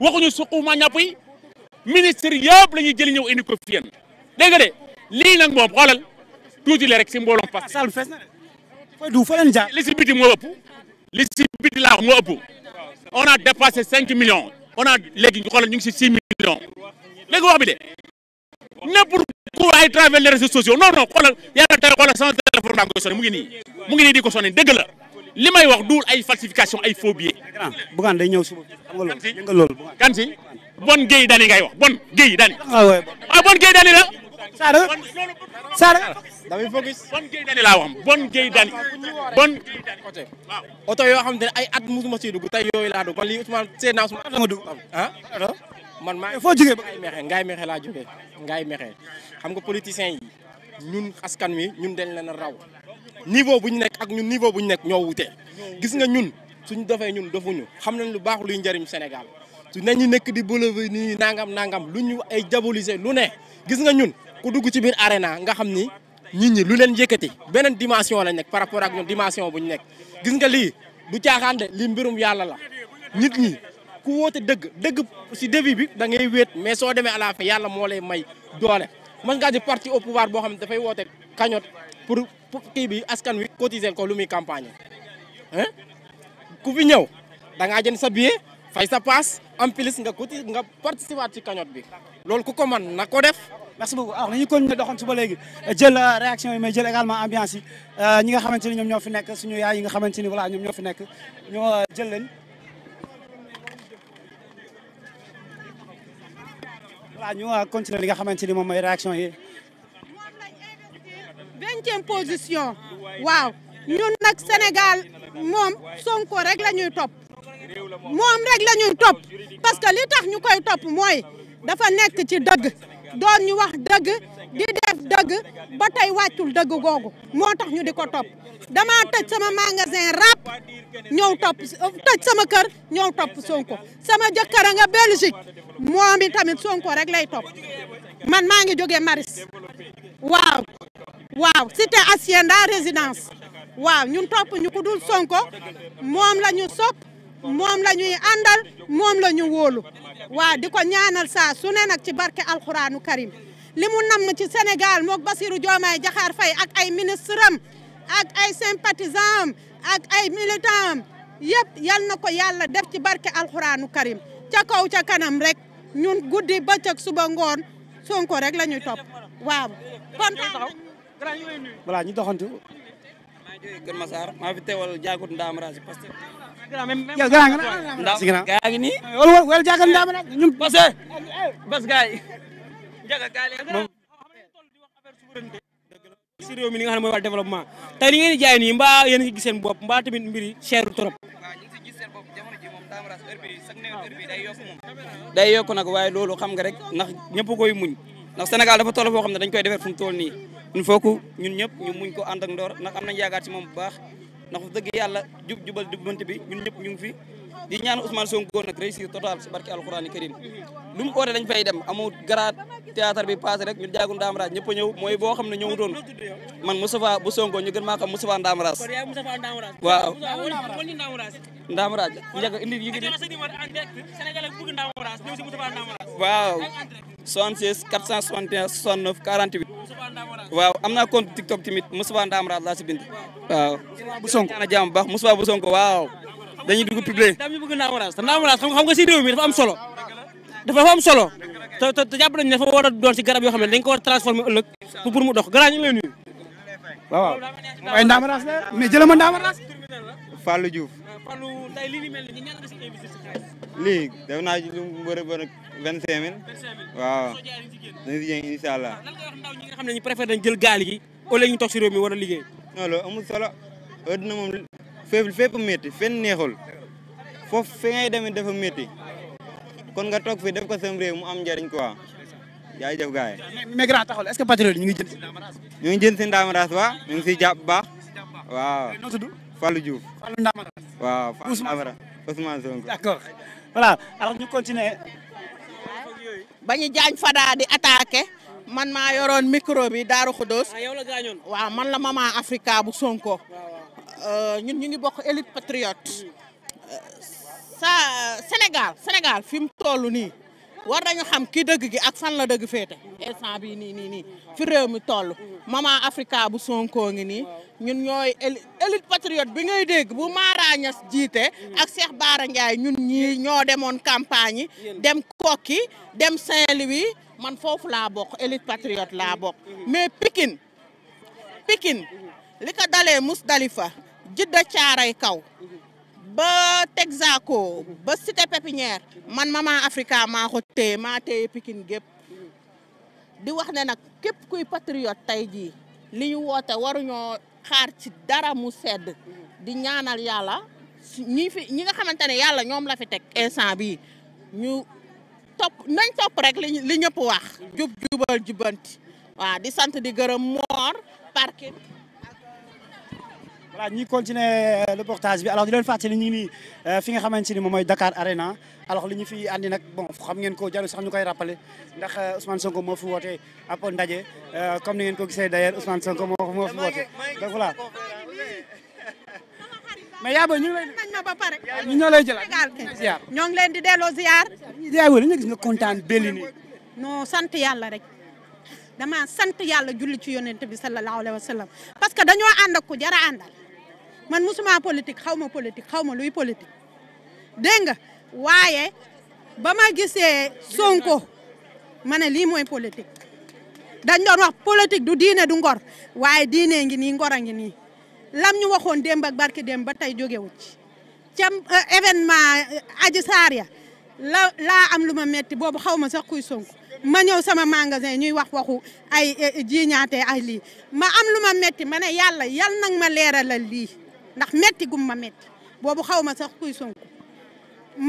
waxuñu suquma ñàpp yi ministre yëpp la ñuy jëli ñëw indi ko fi yéen de lii nag moom xoolal tuuti la rek si mbooloom parce que du fa leen jaar li si moo ëpp li si biti moo ëpp on a dépassé cinq millions on a léegi ñu xoolal ñu ngi si six millions léegi wax bi de nekkul ku ay travers les réseaux sociaux non non xoolal yàlla tey xoolal sama téléphone baa ngi koy mu ngi nii mu ngi nii di ko sonné dëgg li may wax duul ay falsification ay faux billets. Bougane day ñëw suba xam nga loolu. kan si bon Guèye Dany ngay wax bon Guèye Dany. ah bon ah, Guèye Dany la. Saara Saara. Ah. damay focus bon Guèye Dany laa wax bon Guèye Dany. bon Guèye Dany côté. oto yoo xam ne ay at musuma si dugg tey yooyu laa dugg man lii Ousmane seen naa Ousmane dugg ah man maa foo jógee ba ngay mexe laa jógee ngay mexe xam nga politiciens yi ñun askan wi ñun dañ leen a raw. niveau bu ñu nekk ak ñun niveau bu ñu nekk ñoo wutee gis nga ñun suñu defee ñun dofu ñu xam nañ lu baax luy njëriñ Sénégal su ñu nekk di bëlëve ni nangam nangam lu ñu ay diaboliser lu ne gis nga ñun ku dugg ci biir arena nga xam ni nit ñi lu leen yëkkati beneen dimension lañ nekk par rapport ak ñun dimension bu ñu nekk gis nga lii du caaxaan de lii mbirum yàlla la nit ñi ku woote dëgg dëgg si début bi da ngay wéet mais soo demee à la yàlla moo lay may doole mën ngaa di parti au boo xam ne dafay woote cagnotte pour pour kii bi askan wi cotiser ko lu muy campagne hein ku fi ñëw danga ngaa jënd sa billet fay sa paas en plus nga cotiser nga participer ci cagnotte bi loolu ku ko man na ko def. merci beaucoup alors nañu continuer doxoon suba léegi jël euh, réaction yi mais jël également ambiance yi euh, ñi nga xamante ni ñoom ñoo fi nekk suñu yaay yi nga xamante ni voilà ñoom ñoo fi nekk ñoo euh, jël leen. voilà ñu continuer li nga xamante ni moom mooy réaction yi. cinquième position waaw ñun nag Sénégal moom Sonko rek la ñuy topp moom rek la ñuy topp parce que li tax ñu koy topp mooy dafa nekk ci dëgg doon ñu wax dëgg di def dëgg ba tey wàccul dëgg googu moo tax ñu di ko top dama tëj sama magasin rap ñëw topp tëj sama kër ñëw topp Sonko sama jëkkër a nga Belgique moom bi tamit Sonko rek lay topp man maa ngi jógee Maris waaw waaw cité Hacienda résidence waaw ñun topp ñu ku dul Sonko moom lañu ñu sopp moom la ñuy àndal moom la ñu wóolu waaw di ko ñaanal saa su ne nag ci barke alxuraanu karim li mu namm ci Sénégal moog Bassirou Diomaye jaxaar fay ak ay ministre am ak ay sympathisant am ak ay militant am yëpp yal na ko yàlla def ci barke alxuraanu karim ca kaw ca kanam rek ñun guddi bëccëg suba ngoon Sonko rek lañuy ñuy topp waaw voilà ñu doxantu. Kër Massar maa fi teewal jaagut ndaam raasi parce que. yow gannaaw gannaaw. gannaaw gaa ngi nii. wala wala jaagut ndaam raasi ñun. parce que bas gaa yi. si réew mi li nga xam ne mooy wàllu développement tey li ngeen di jaay nii mbaa yéen a ngi gis seen bopp mbaa tamit mbir yi cherul trop. day yokk nag waaye loolu xam nga rek ndax ñëpp koy muñ. ndax Sénégal dafa toll foo xam ne dañ koy defar fu toll nii il faut ñun ñëpp ñu muñ ko ànd ak ndoor ndax am nañ yaakaar ci moom bu baax ndax dëgg yàlla jub jubal jubbante bi ñun ñëpp ñu fi di ñaan Ousmane Sonko nag réussir total si barki alxuraani karim lu mu oote dañ fay dem amul garaat théâtre bi passé rek ñu jaagu Ndamaraas ñëpp a ñëw mooy boo xam ne ñëwutoon man Moustapha bu Sonko ñu gën maa xam waaw 76 461 69 48 waaw am naa compte TikTok tamit Moussa Ndamra laa si waaw bu Sonko na jàmm baax Moussa bu Sonko waaw dañuy dugg publier dam ñu bëgg Ndamra te Ndamra xam nga mi dafa am solo dafa am solo te te ne dafa war a doon si garab yoo xam ne ko war a transformer ëllëg mu dox garab ñu lay nuyu waaw waaye Ndamra mais jëlama Ndamra Fallou Diouf. Euh, Fallou tey lii ni mel nii lii def naa ci lu mu bëri bëri vingt cinq mille. vingt cinq mille waaw. dañu si dañ jël gaal gi au lieu ñu toog si réew mi war a liggéey. non loolu amul solo adduna moom fépp fépp métti fen neexul foofu fi ngay demee dafa métti kon nga toog fi def ko sam mu am njariñ quoi yaa ngi def gars yi. mais grand taxawal est-ce que patriote ñu ngi jënd si ñu ngi jënd si ndamaraas waa ñu ngi siy jàpp baax waaw. Fallou Diouf. Fallou Ndamara. voilà alors ñu continuer. man maa yoroon micro bi Darou Khoudoss. waaw ah, la gaañoon. waaw bu Sonko. Euh, ñun ñu ngi bokk élite patriote. Hmm. Euh, sa Sénégal Sénégal fi mu toll nii war nañu xam ki dëgg ak fan la dëgg féete instant mi toll hmm. maman Africa bu Sonko ñun ñooy élite élite patriote bi ngay dégg bu Mara Niass jiite ak Cheikh Bara Ndiaye ñun ñii ñoo demoon campagne dem Kokki dem Saint-Louis man foofu laa bokk élite patriote la bokk mhm. Mhm. mais Pikine Pikine li ko dalee Mousdalifa jidda caaray kaw mhm. ba Texaco ba Cité Pépinière man Maman Africa maa ko téye maa téye Pikine gépp di wax ne nag képp kuy patriot tey jii li ñu waruñoo xaar ci dara mu sedd di ñaanal yàlla ñi fi ñi nga xamante ne yàlla ñoom la fi teg instant bi ñu topp nañ topp rek li li ñëpp wax jub jubal jubanti waa di sant di gërëm moor parking voilà ñuy continuer euh, le portage bi alors di leen fàttali nii euh, fi xamante ni moom mooy Dakar Arena alors li ñu fi andi nag bon xam ngeen ko jaru sax ñu koy rappelé ndax euh, Ousmane Sonko moo fi woote ab comme ni ngeen ko gisee d'ailleurs Ousmane Sonko moo moo fi woote donc voilà. mais yaa ñu ngi lay nañ ma ba pare. ñu ñoo lay jëlaat ñoo ngi leen di delloo ziar. yaa booy li nga gis nga kontaan belli nii. non sant yàlla rek. dama sant yàlla julli ci yonent bi sallallahu alayhi wa sallam parce que dañoo ànd ak ku jara àndal. man musuma politique xaw ma politique xaw ma luy politique dégg nga waaye ba ma gisee Sonko ma ne lii mooy politique dañ doon wax politique du diine du ngor waaye diine ngi nii ngor a ngi nii lam ñu waxoon démb ak barki dem ba tey jógewut ci ca euh, événement euh, aji saar ya la laa am lu ma metti boobu xaw ma sax kuy Sonko ma ñëw sama magasin ñuy wax waxu ay euh, jiiñaate ay lii ma am lu ma metti ma ne yàlla yal nag ma leeralal lii ndax metti gum ma metti boobu xaw ma sax kuy Sonko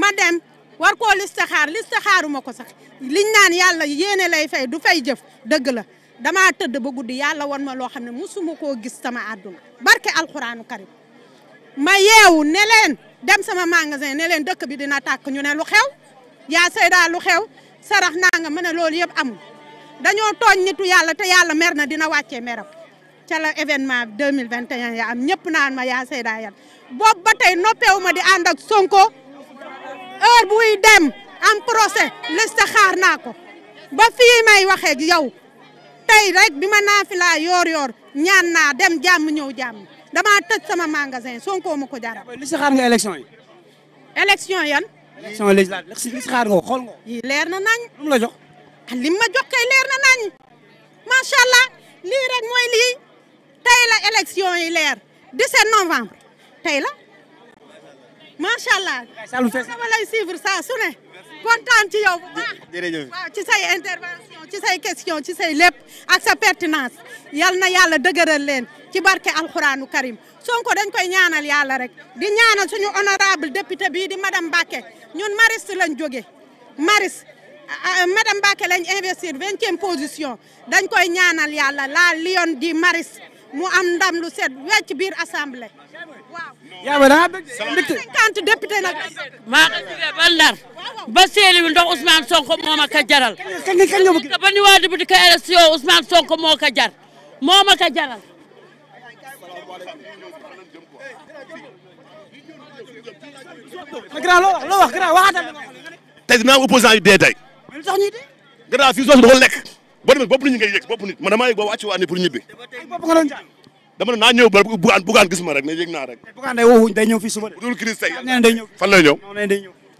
ma dem war koo listaxaar listaxaaruma ko sax liñ naan yàlla yéene lay fay du fay jëf dëgg la dama tëdd ba guddi yàlla wan ma loo xam ne musuma koo gis sama àdduna barke alxuraanu karim ma yeewu ne dem sama magasin ne leen dëkk bi dina tàkk ñu ne lu xew yaa saydaa lu xew sarax naa nga mën a loolu yëpp amul dañoo tooñ nitu yàlla te yàlla mer na dina wàccee meram ca la événement 2021 ya am ñëpp naan ma yaa Seyda Yane boobu ba tey noppeewu ma di ànd ak Sonko heure buy dem am procès liste xaar naa ko ba fii may waxee ak yow tey rek bi ma naa fi laa yor-yor ñaan naa dem jàmm ñëw jàmm damaa tëj sama magasin Sonko ma ko jaral. liste xaar nga élection yi. yan. élection législative liste xaar nga ko leer na nañ. lu ah, ma jox kay leer na nañ macha lii rek mooy lii. tey la élection yi leer 17 novembre tey la macha allah. sama lay suivre saa su ne ci yow bu ci say intervention ci say question ci say lep ak sa pertinence yal na yàlla dëgëral leen ci barke alxuraanu karim ko dañ koy ñaanal yàlla rek di ñaanal suñu honorable député bii di madame Mbacké ñun mariste lañ jóge maris ah, ah, madame Mbacké lañ investir vingtième dañ koy ñaanal yàlla la lion di mariste mu am ndam lu set wecc biir assemblée waaw. yaa ma da nga dëgg nag. maa ngi jógee ba Ndar ba Séeréer ndox Ousmane Sonko moo ma ka jaral. kañ nga kañ nga bëgg ba ni waa député élection Sonko moo ka jar moo ma ka jaral. grand loo wax dee tey. lu tax ñuy dee. grand fii lekk. boo demee bopp nit ñi ngay yëg bopp nit man damaa yëg boobu wàcc waa ne pour ñibbi dama ne naa ñëw ba bugaan rek ne yëg naa rek bugaan day woo day ñëw fii suba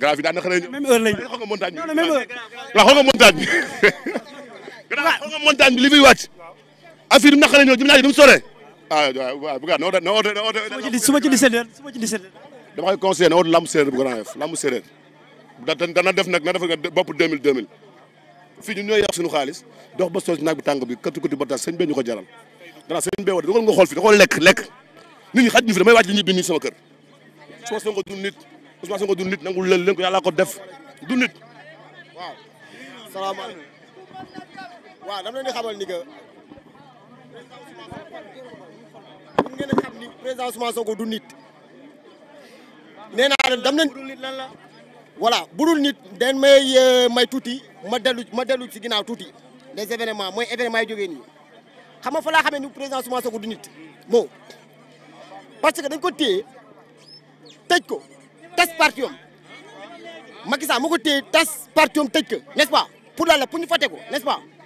de fi daanaka lay ñëw même heure lay ñëw xam ah, suba ci 17 dama koy conseillé na woote lamb séeréer bu grand yëf lamb séeréer dana def nag na def bopp 2000 2000 fii ñun ñooy yàq suñu xaalis dox ba soos naag bi tàng bi katu katu ba tas sëñ bee ñu ko jaral danaa sëñ bee woote da ko ko lekk lekk nit ñi xaj ñu fi damay wàcc li ñibbi nii sama kër Ousmane ko du nit waaw salaamaaleykum waaw dama leen di du nit den may euh, may tuuti ma dellu ma dellu ci ginnaaw tuuti des événements mooy événements yi jógee nii xam nga fa laa xamee ni président Ousmane Sonko du nit moo parce que dañ ko téye tëj ko tas parti am Macky mu ko téye tas parti am tëj ko nest pour la la pour ñu fàtte ko nest